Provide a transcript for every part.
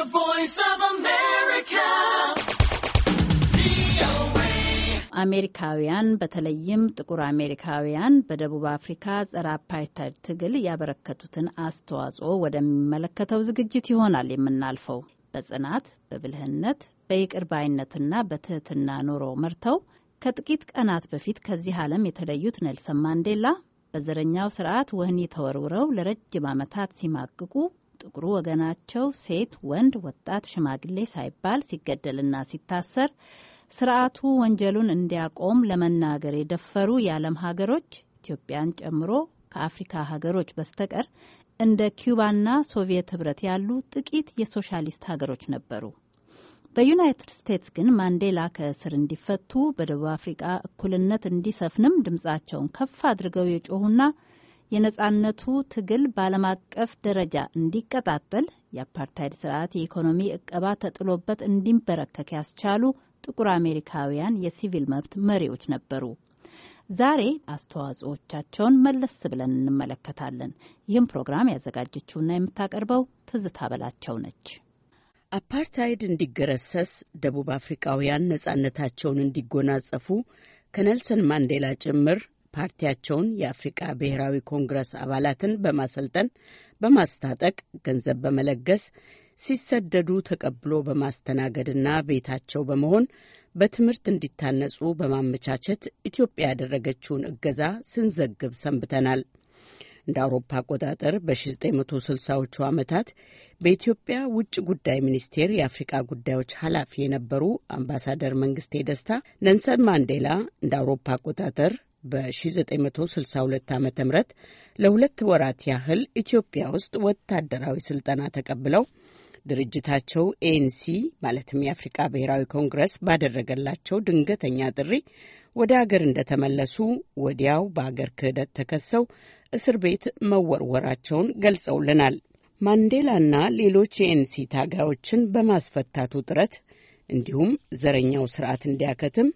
The voice of America. አሜሪካውያን በተለይም ጥቁር አሜሪካውያን በደቡብ አፍሪካ ጸረ አፓርታይድ ትግል ያበረከቱትን አስተዋጽኦ ወደሚመለከተው ዝግጅት ይሆናል የምናልፈው። በጽናት በብልህነት በይቅር ባይነትና በትህትና ኑሮ መርተው ከጥቂት ቀናት በፊት ከዚህ ዓለም የተለዩት ኔልሰን ማንዴላ በዘረኛው ስርዓት ወህኒ ተወርውረው ለረጅም ዓመታት ሲማቅቁ ጥቁሩ ወገናቸው ሴት፣ ወንድ፣ ወጣት፣ ሽማግሌ ሳይባል ሲገደልና ሲታሰር ስርዓቱ ወንጀሉን እንዲያቆም ለመናገር የደፈሩ የዓለም ሀገሮች ኢትዮጵያን ጨምሮ ከአፍሪካ ሀገሮች በስተቀር እንደ ኪዩባና ሶቪየት ህብረት ያሉ ጥቂት የሶሻሊስት ሀገሮች ነበሩ። በዩናይትድ ስቴትስ ግን ማንዴላ ከእስር እንዲፈቱ፣ በደቡብ አፍሪቃ እኩልነት እንዲሰፍንም ድምጻቸውን ከፍ አድርገው የጮሁና የነጻነቱ ትግል በዓለም አቀፍ ደረጃ እንዲቀጣጠል የአፓርታይድ ስርዓት የኢኮኖሚ እቀባ ተጥሎበት እንዲንበረከክ ያስቻሉ ጥቁር አሜሪካውያን የሲቪል መብት መሪዎች ነበሩ። ዛሬ አስተዋጽኦቻቸውን መለስ ብለን እንመለከታለን። ይህም ፕሮግራም ያዘጋጀችውና የምታቀርበው ትዝታ በላቸው ነች። አፓርታይድ እንዲገረሰስ ደቡብ አፍሪካውያን ነጻነታቸውን እንዲጎናጸፉ ከኔልሰን ማንዴላ ጭምር ፓርቲያቸውን የአፍሪቃ ብሔራዊ ኮንግረስ አባላትን በማሰልጠን በማስታጠቅ ገንዘብ በመለገስ ሲሰደዱ ተቀብሎ በማስተናገድና ቤታቸው በመሆን በትምህርት እንዲታነጹ በማመቻቸት ኢትዮጵያ ያደረገችውን እገዛ ስንዘግብ ሰንብተናል። እንደ አውሮፓ አቆጣጠር በ1960ዎቹ ዓመታት በኢትዮጵያ ውጭ ጉዳይ ሚኒስቴር የአፍሪቃ ጉዳዮች ኃላፊ የነበሩ አምባሳደር መንግስቴ ደስታ ነንሰን ማንዴላ እንደ አውሮፓ አቆጣጠር በ1962 ዓ ም ለሁለት ወራት ያህል ኢትዮጵያ ውስጥ ወታደራዊ ስልጠና ተቀብለው ድርጅታቸው ኤንሲ ማለትም የአፍሪቃ ብሔራዊ ኮንግረስ ባደረገላቸው ድንገተኛ ጥሪ ወደ አገር እንደተመለሱ ወዲያው በአገር ክህደት ተከሰው እስር ቤት መወርወራቸውን ገልጸውልናል። ማንዴላና ሌሎች የኤንሲ ታጋዮችን በማስፈታቱ ጥረት እንዲሁም ዘረኛው ስርዓት እንዲያከትም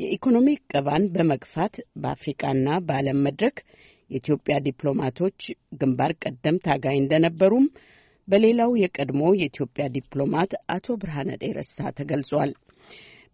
የኢኮኖሚ ቀባን በመግፋት በአፍሪቃና በዓለም መድረክ የኢትዮጵያ ዲፕሎማቶች ግንባር ቀደም ታጋይ እንደነበሩም በሌላው የቀድሞ የኢትዮጵያ ዲፕሎማት አቶ ብርሃነ ደረሳ ተገልጿል።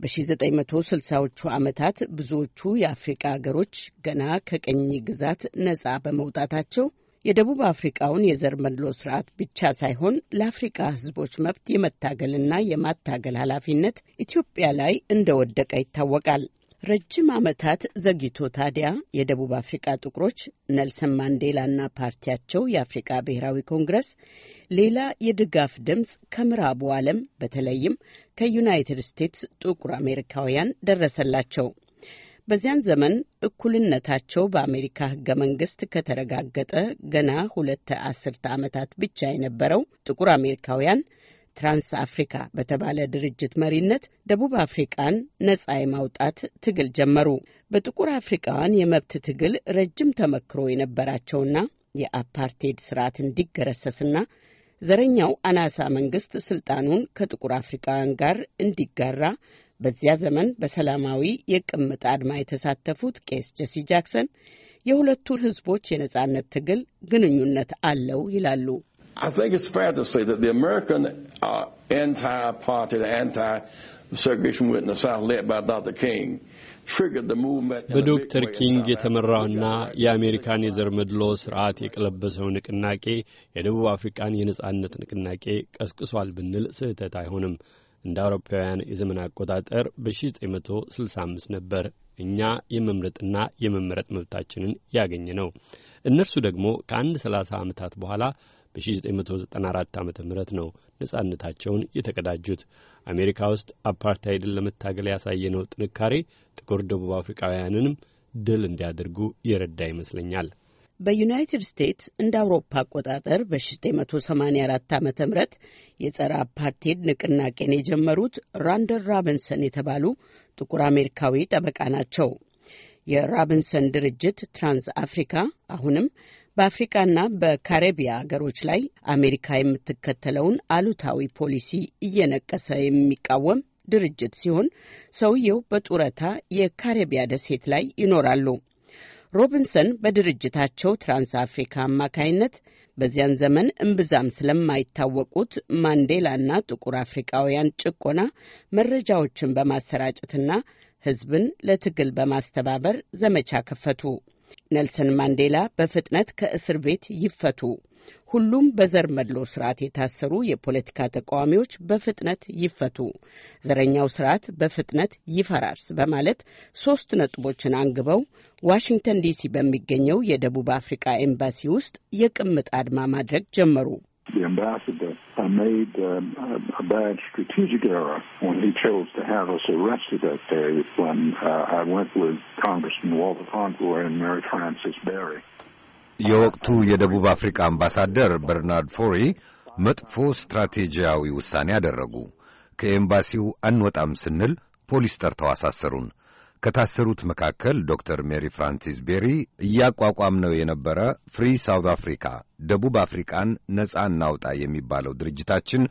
በ1960ዎቹ ዓመታት ብዙዎቹ የአፍሪቃ አገሮች ገና ከቀኝ ግዛት ነጻ በመውጣታቸው የደቡብ አፍሪቃውን የዘር መድሎ ስርዓት ብቻ ሳይሆን ለአፍሪቃ ህዝቦች መብት የመታገልና የማታገል ኃላፊነት ኢትዮጵያ ላይ እንደወደቀ ይታወቃል። ረጅም ዓመታት ዘግይቶ ታዲያ የደቡብ አፍሪቃ ጥቁሮች ኔልሰን ማንዴላና ፓርቲያቸው የአፍሪቃ ብሔራዊ ኮንግረስ ሌላ የድጋፍ ድምፅ ከምዕራቡ ዓለም በተለይም ከዩናይትድ ስቴትስ ጥቁር አሜሪካውያን ደረሰላቸው። በዚያን ዘመን እኩልነታቸው በአሜሪካ ህገ መንግስት ከተረጋገጠ ገና ሁለት አስርተ ዓመታት ብቻ የነበረው ጥቁር አሜሪካውያን ትራንስ አፍሪካ በተባለ ድርጅት መሪነት ደቡብ አፍሪቃን ነጻ የማውጣት ትግል ጀመሩ። በጥቁር አፍሪቃውያን የመብት ትግል ረጅም ተመክሮ የነበራቸውና የአፓርቴድ ስርዓት እንዲገረሰስና ዘረኛው አናሳ መንግስት ስልጣኑን ከጥቁር አፍሪቃውያን ጋር እንዲጋራ በዚያ ዘመን በሰላማዊ የቅምጥ አድማ የተሳተፉት ቄስ ጀሲ ጃክሰን የሁለቱ ህዝቦች የነጻነት ትግል ግንኙነት አለው ይላሉ። uh, uh, በዶክተር ኪንግ የተመራውና የአሜሪካን የዘር መድሎ ስርዓት የቀለበሰው ንቅናቄ የደቡብ አፍሪካን የነጻነት ንቅናቄ ቀስቅሷል ብንል ስህተት አይሆንም። እንደ አውሮፓውያን የዘመን አቆጣጠር በ1965 ነበር እኛ የመምረጥና የመመረጥ መብታችንን ያገኘ ነው። እነርሱ ደግሞ ከአንድ 30 ዓመታት በኋላ በ1994 ዓ ም ነው ነጻነታቸውን የተቀዳጁት። አሜሪካ ውስጥ አፓርታይድን ለመታገል ያሳየነው ጥንካሬ ጥቁር ደቡብ አፍሪካውያንንም ድል እንዲያደርጉ የረዳ ይመስለኛል። በዩናይትድ ስቴትስ እንደ አውሮፓ አቆጣጠር በ1984 ዓ ም የጸረ አፓርቴድ ንቅናቄን የጀመሩት ራንደር ራቢንሰን የተባሉ ጥቁር አሜሪካዊ ጠበቃ ናቸው። የራቢንሰን ድርጅት ትራንስ አፍሪካ አሁንም በአፍሪካና በካሪቢያ አገሮች ላይ አሜሪካ የምትከተለውን አሉታዊ ፖሊሲ እየነቀሰ የሚቃወም ድርጅት ሲሆን ሰውየው በጡረታ የካሪቢያ ደሴት ላይ ይኖራሉ። ሮቢንሰን በድርጅታቸው ትራንስ አፍሪካ አማካይነት በዚያን ዘመን እምብዛም ስለማይታወቁት ማንዴላና ጥቁር አፍሪካውያን ጭቆና መረጃዎችን በማሰራጨትና ሕዝብን ለትግል በማስተባበር ዘመቻ ከፈቱ። ኔልሰን ማንዴላ በፍጥነት ከእስር ቤት ይፈቱ ሁሉም በዘር መድሎ ስርዓት የታሰሩ የፖለቲካ ተቃዋሚዎች በፍጥነት ይፈቱ፣ ዘረኛው ስርዓት በፍጥነት ይፈራርስ በማለት ሶስት ነጥቦችን አንግበው ዋሽንግተን ዲሲ በሚገኘው የደቡብ አፍሪካ ኤምባሲ ውስጥ የቅምጥ አድማ ማድረግ ጀመሩ። የወቅቱ የደቡብ አፍሪካ አምባሳደር በርናርድ ፎሪ መጥፎ ስትራቴጂያዊ ውሳኔ አደረጉ። ከኤምባሲው አንወጣም ስንል ፖሊስ ጠርተው አሳሰሩን። ከታሰሩት መካከል ዶክተር ሜሪ ፍራንሲስ ቤሪ እያቋቋም ነው የነበረ ፍሪ ሳውት አፍሪካ ደቡብ አፍሪካን ነጻ እናውጣ የሚባለው ድርጅታችን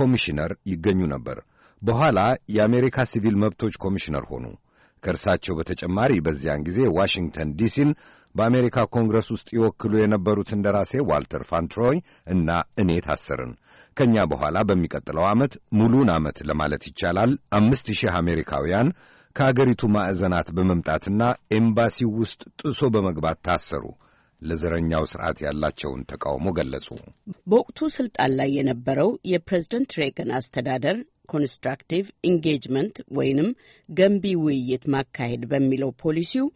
ኮሚሽነር ይገኙ ነበር። በኋላ የአሜሪካ ሲቪል መብቶች ኮሚሽነር ሆኑ። ከእርሳቸው በተጨማሪ በዚያን ጊዜ ዋሽንግተን ዲሲን በአሜሪካ ኮንግረስ ውስጥ ይወክሉ የነበሩት እንደራሴ ዋልተር ፋንትሮይ እና እኔ ታሰርን። ከእኛ በኋላ በሚቀጥለው ዓመት ሙሉን ዓመት ለማለት ይቻላል አምስት ሺህ አሜሪካውያን ከአገሪቱ ማዕዘናት በመምጣትና ኤምባሲው ውስጥ ጥሶ በመግባት ታሰሩ። ለዘረኛው ስርዓት ያላቸውን ተቃውሞ ገለጹ። በወቅቱ ስልጣን ላይ የነበረው የፕሬዝደንት ሬገን አስተዳደር ኮንስትራክቲቭ ኢንጌጅመንት ወይንም ገንቢ ውይይት ማካሄድ በሚለው ፖሊሲው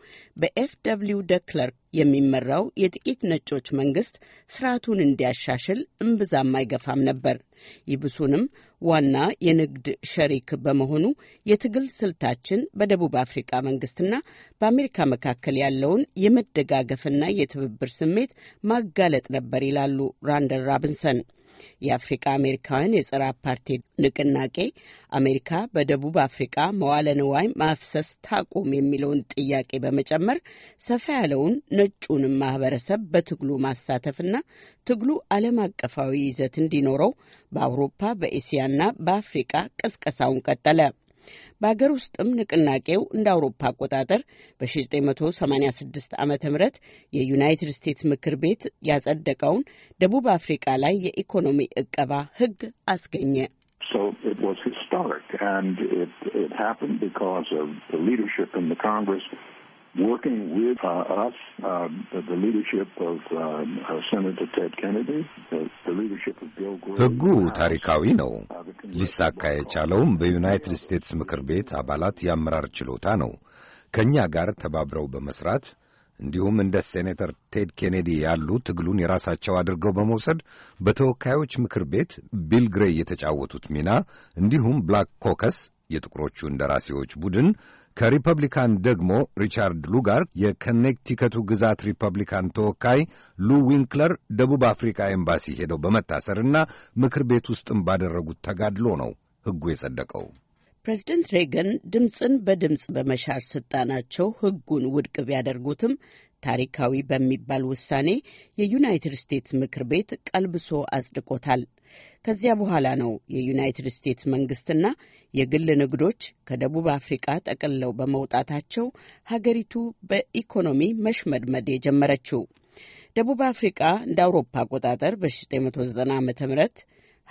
በኤፍ ደብልዩ ደክለርክ የሚመራው የጥቂት ነጮች መንግስት ስርዓቱን እንዲያሻሽል እምብዛም አይገፋም ነበር። ይብሱንም ዋና የንግድ ሸሪክ በመሆኑ የትግል ስልታችን በደቡብ አፍሪካ መንግስትና በአሜሪካ መካከል ያለውን የመደጋገፍና የትብብር ስሜት ማጋለጥ ነበር ይላሉ ራንደር ራብንሰን። የአፍሪካ አሜሪካውያን የጸረ አፓርቴድ ንቅናቄ አሜሪካ በደቡብ አፍሪካ መዋለ ንዋይ ማፍሰስ ታቁም የሚለውን ጥያቄ በመጨመር ሰፋ ያለውን ነጩንም ማህበረሰብ በትግሉ ማሳተፍና ትግሉ ዓለም አቀፋዊ ይዘት እንዲኖረው በአውሮፓ በኤስያና በአፍሪካ ቀስቀሳውን ቀጠለ። በአገር ውስጥም ንቅናቄው እንደ አውሮፓ አቆጣጠር በ 986 ዓ ም የዩናይትድ ስቴትስ ምክር ቤት ያጸደቀውን ደቡብ አፍሪቃ ላይ የኢኮኖሚ እቀባ ህግ አስገኘ። working with uh, us, uh, the the leadership of um, uh, Senator Ted Kennedy, the the leadership of Bill Gore. ሕጉ ታሪካዊ ነው። uh, ሊሳካ የቻለውም በዩናይትድ ስቴትስ ምክር ቤት አባላት የአመራር ችሎታ ነው። ከእኛ ጋር ተባብረው በመስራት እንዲሁም እንደ ሴኔተር ቴድ ኬኔዲ ያሉ ትግሉን የራሳቸው አድርገው በመውሰድ በተወካዮች ምክር ቤት ቢል ግሬይ የተጫወቱት ሚና እንዲሁም ብላክ ኮከስ የጥቁሮቹ እንደራሴዎች ቡድን ከሪፐብሊካን ደግሞ ሪቻርድ ሉጋር የከኔክቲከቱ ግዛት ሪፐብሊካን ተወካይ ሉ ዊንክለር ደቡብ አፍሪካ ኤምባሲ ሄደው በመታሰርና ምክር ቤት ውስጥም ባደረጉት ተጋድሎ ነው ሕጉ የጸደቀው። ፕሬዚደንት ሬገን ድምፅን በድምፅ በመሻር ስልጣናቸው ሕጉን ውድቅ ቢያደርጉትም ታሪካዊ በሚባል ውሳኔ የዩናይትድ ስቴትስ ምክር ቤት ቀልብሶ አጽድቆታል። ከዚያ በኋላ ነው የዩናይትድ ስቴትስ መንግስትና የግል ንግዶች ከደቡብ አፍሪቃ ጠቅልለው በመውጣታቸው ሀገሪቱ በኢኮኖሚ መሽመድመድ የጀመረችው። ደቡብ አፍሪቃ እንደ አውሮፓ አቆጣጠር በ1990 ዓ ም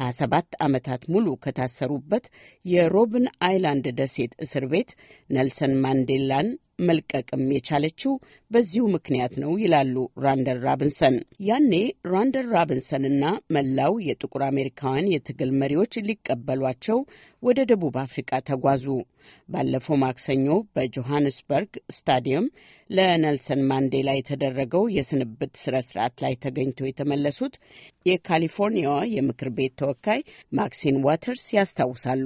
27 ዓመታት ሙሉ ከታሰሩበት የሮብን አይላንድ ደሴት እስር ቤት ኔልሰን ማንዴላን መልቀቅም የቻለችው በዚሁ ምክንያት ነው ይላሉ ራንደል ራብንሰን። ያኔ ራንደር ራብንሰን እና መላው የጥቁር አሜሪካውያን የትግል መሪዎች ሊቀበሏቸው ወደ ደቡብ አፍሪቃ ተጓዙ። ባለፈው ማክሰኞ በጆሃንስበርግ ስታዲየም ለኔልሰን ማንዴላ የተደረገው የስንብት ስነ ስርዓት ላይ ተገኝተው የተመለሱት የካሊፎርኒያዋ የምክር ቤት ተወካይ ማክሲን ዋተርስ ያስታውሳሉ።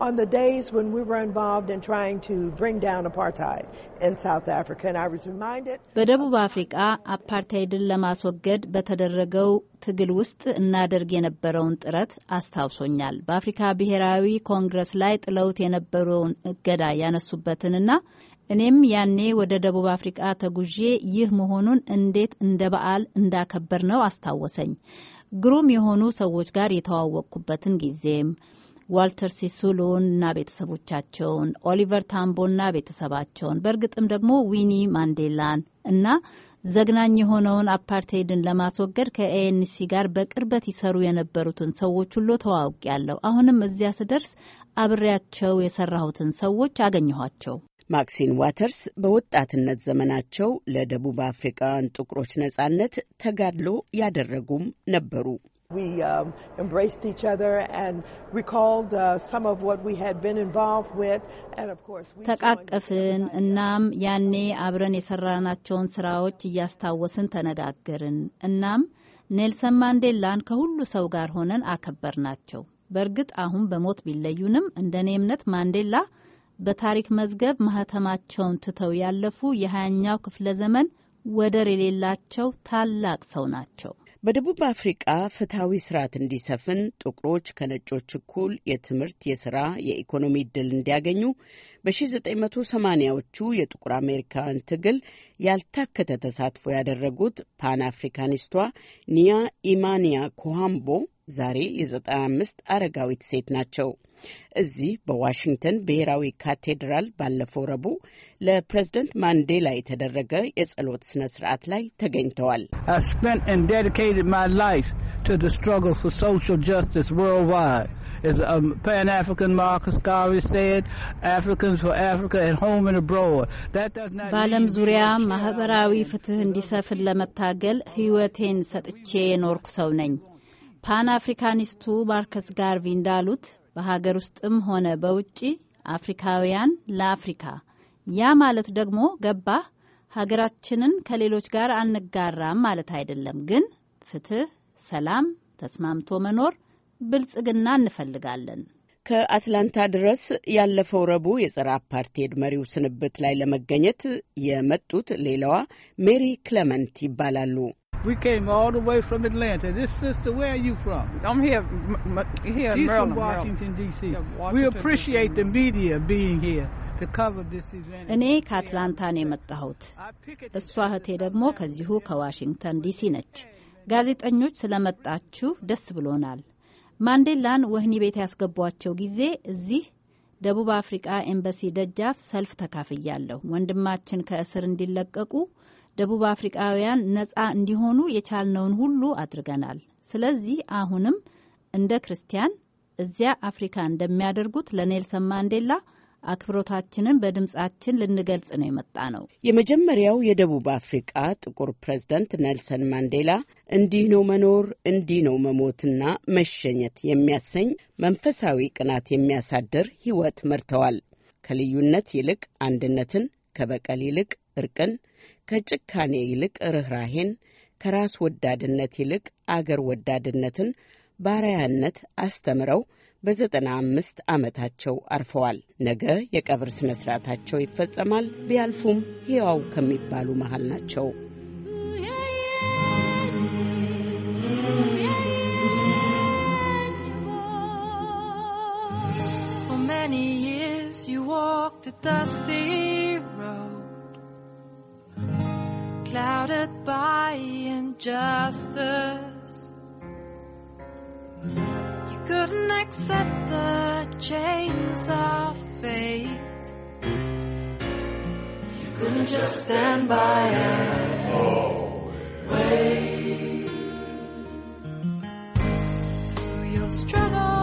on the days when we were involved in trying to bring down apartheid in South Africa. And I was reminded በደቡብ አፍሪካ አፓርታይድን ለማስወገድ በተደረገው ትግል ውስጥ እናደርግ የነበረውን ጥረት አስታውሶኛል። በአፍሪካ ብሔራዊ ኮንግረስ ላይ ጥለውት የነበረውን እገዳ ያነሱበትንና እኔም ያኔ ወደ ደቡብ አፍሪቃ ተጉዤ ይህ መሆኑን እንዴት እንደ በዓል እንዳከበር ነው አስታወሰኝ። ግሩም የሆኑ ሰዎች ጋር የተዋወቅኩበትን ጊዜም ዋልተር ሲሱሉን እና ቤተሰቦቻቸውን፣ ኦሊቨር ታምቦና ቤተሰባቸውን፣ በእርግጥም ደግሞ ዊኒ ማንዴላን እና ዘግናኝ የሆነውን አፓርቴይድን ለማስወገድ ከኤኤንሲ ጋር በቅርበት ይሰሩ የነበሩትን ሰዎች ሁሉ ተዋውቅ ያለው አሁንም እዚያ ስደርስ አብሬያቸው የሰራሁትን ሰዎች አገኘኋቸው። ማክሲን ዋተርስ በወጣትነት ዘመናቸው ለደቡብ አፍሪካውያን ጥቁሮች ነጻነት ተጋድሎ ያደረጉም ነበሩ። We um, embraced each other and recalled uh, some of what we had been involved with. And of course, we ተቃቀፍን እናም ያኔ አብረን የሰራናቸውን ስራዎች እያስታወስን ተነጋገርን። እናም ኔልሰን ማንዴላን ከሁሉ ሰው ጋር ሆነን አከበር ናቸው። በእርግጥ አሁን በሞት ቢለዩንም እንደ እኔ እምነት ማንዴላ በታሪክ መዝገብ ማህተማቸውን ትተው ያለፉ የሀያኛው ክፍለ ዘመን ወደር የሌላቸው ታላቅ ሰው ናቸው። በደቡብ አፍሪቃ ፍትሐዊ ስርዓት እንዲሰፍን ጥቁሮች ከነጮች እኩል የትምህርት፣ የስራ፣ የኢኮኖሚ እድል እንዲያገኙ በ1980ዎቹ የጥቁር አሜሪካውያን ትግል ያልታከተ ተሳትፎ ያደረጉት ፓን አፍሪካኒስቷ ኒያ ኢማኒያ ኮሃምቦ ዛሬ የ95 አረጋዊት ሴት ናቸው። እዚህ በዋሽንግተን ብሔራዊ ካቴድራል ባለፈው ረቡዕ ለፕሬዝደንት ማንዴላ የተደረገ የጸሎት ስነ ስርዓት ላይ ተገኝተዋል። um, በዓለም ዙሪያ ማህበራዊ ፍትህ እንዲሰፍን ለመታገል ህይወቴን ሰጥቼ የኖርኩ ሰው ነኝ። ፓን አፍሪካኒስቱ ማርከስ ጋርቪ እንዳሉት በሀገር ውስጥም ሆነ በውጭ አፍሪካውያን ለአፍሪካ ያ ማለት ደግሞ ገባ ሀገራችንን ከሌሎች ጋር አንጋራም ማለት አይደለም። ግን ፍትህ፣ ሰላም፣ ተስማምቶ መኖር፣ ብልጽግና እንፈልጋለን። ከአትላንታ ድረስ ያለፈው ረቡዕ የጸረ አፓርቴድ መሪው ስንብት ላይ ለመገኘት የመጡት ሌላዋ ሜሪ ክለመንት ይባላሉ። We came all the way from Atlanta. This sister, where are you from? I'm here, m- here She's in Maryland, from Washington, D.C. Yeah, we appreciate the media being here. እኔ ከአትላንታ ነው የመጣሁት። እሷ እህቴ ደግሞ ከዚሁ ከዋሽንግተን ዲሲ ነች። ጋዜጠኞች ስለመጣችሁ ደስ ብሎናል። ማንዴላን ወህኒ ቤት ያስገቧቸው ጊዜ እዚህ ደቡብ አፍሪቃ ኤምባሲ ደጃፍ ሰልፍ ተካፍያለሁ። ወንድማችን ከእስር እንዲለቀቁ ደቡብ አፍሪቃውያን ነጻ እንዲሆኑ የቻልነውን ሁሉ አድርገናል። ስለዚህ አሁንም እንደ ክርስቲያን እዚያ አፍሪካ እንደሚያደርጉት ለኔልሰን ማንዴላ አክብሮታችንን በድምጻችን ልንገልጽ ነው የመጣ ነው። የመጀመሪያው የደቡብ አፍሪቃ ጥቁር ፕሬዝዳንት ኔልሰን ማንዴላ እንዲህ ነው መኖር፣ እንዲህ ነው መሞትና መሸኘት የሚያሰኝ መንፈሳዊ ቅናት የሚያሳድር ህይወት መርተዋል። ከልዩነት ይልቅ አንድነትን፣ ከበቀል ይልቅ እርቅን፣ ከጭካኔ ይልቅ ርኅራሄን፣ ከራስ ወዳድነት ይልቅ አገር ወዳድነትን ባርያነት አስተምረው በዘጠና አምስት ዓመታቸው አርፈዋል። ነገ የቀብር ሥነ ሥርዓታቸው ይፈጸማል። ቢያልፉም ሕያው ከሚባሉ መሃል ናቸው። many years you walked a dusty road. clouded by injustice. You couldn't accept the chains of fate. You couldn't just stand by and wait. Through your struggle.